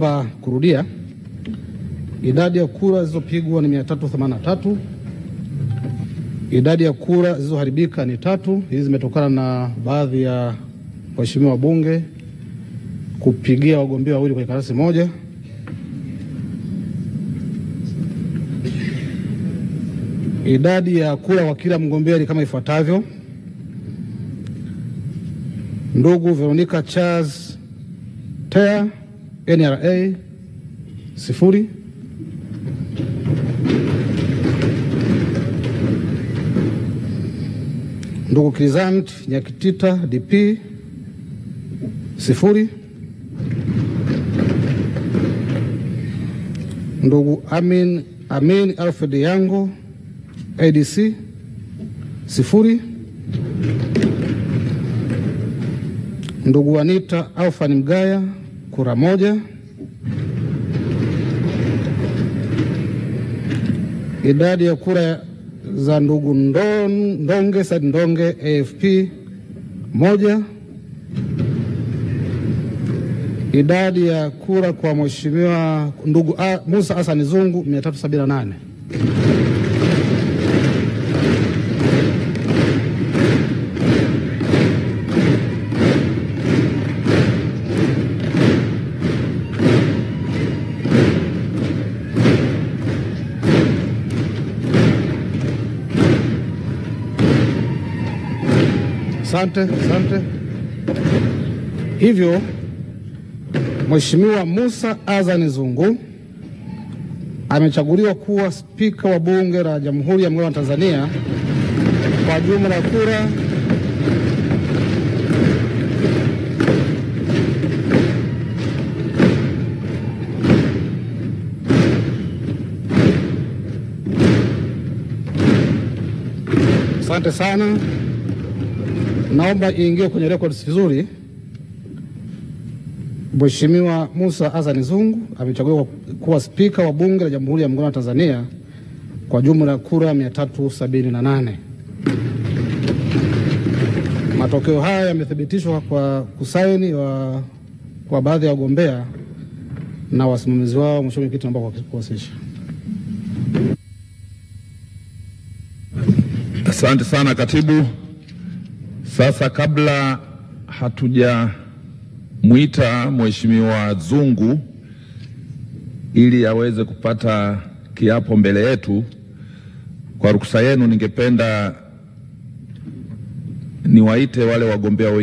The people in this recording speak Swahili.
Naomba kurudia idadi ya kura zilizopigwa ni 383. Idadi ya kura zilizoharibika ni tatu. Hizi zimetokana na baadhi ya waheshimiwa wabunge kupigia wagombea wawili kwenye karatasi moja. Idadi ya kura kwa kila mgombea ni kama ifuatavyo: ndugu Veronica Charles Tea NRA sifuri. Ndugu krizant Nyakitita DP sifuri. Ndugu Amin, Amin Alfred Yango ADC sifuri. Ndugu Anita Alfan Mgaya kura moja. Idadi ya kura za ndugu Ndonge Said Ndonge AFP moja. Idadi ya kura kwa mheshimiwa ndugu Musa Hassan Zungu 378. Asante, asante. Hivyo Mheshimiwa Musa Azani Zungu amechaguliwa kuwa spika wa bunge la Jamhuri ya Muungano wa Tanzania kwa jumla ya kura Asante sana. Naomba iingie kwenye records vizuri. Mheshimiwa musa azani Zungu amechaguliwa kuwa spika wa bunge la Jamhuri ya Muungano wa Tanzania kwa jumla ya kura 378. Matokeo haya yamethibitishwa kwa kusaini wa, kwa baadhi ya wagombea na wasimamizi wao. Mheshimiwa Mwenyekiti, naomba kuwasilisha. Asante sana katibu. Sasa kabla hatujamwita Mheshimiwa Zungu ili aweze kupata kiapo mbele yetu, kwa ruksa yenu, ningependa niwaite wale wagombea wengine.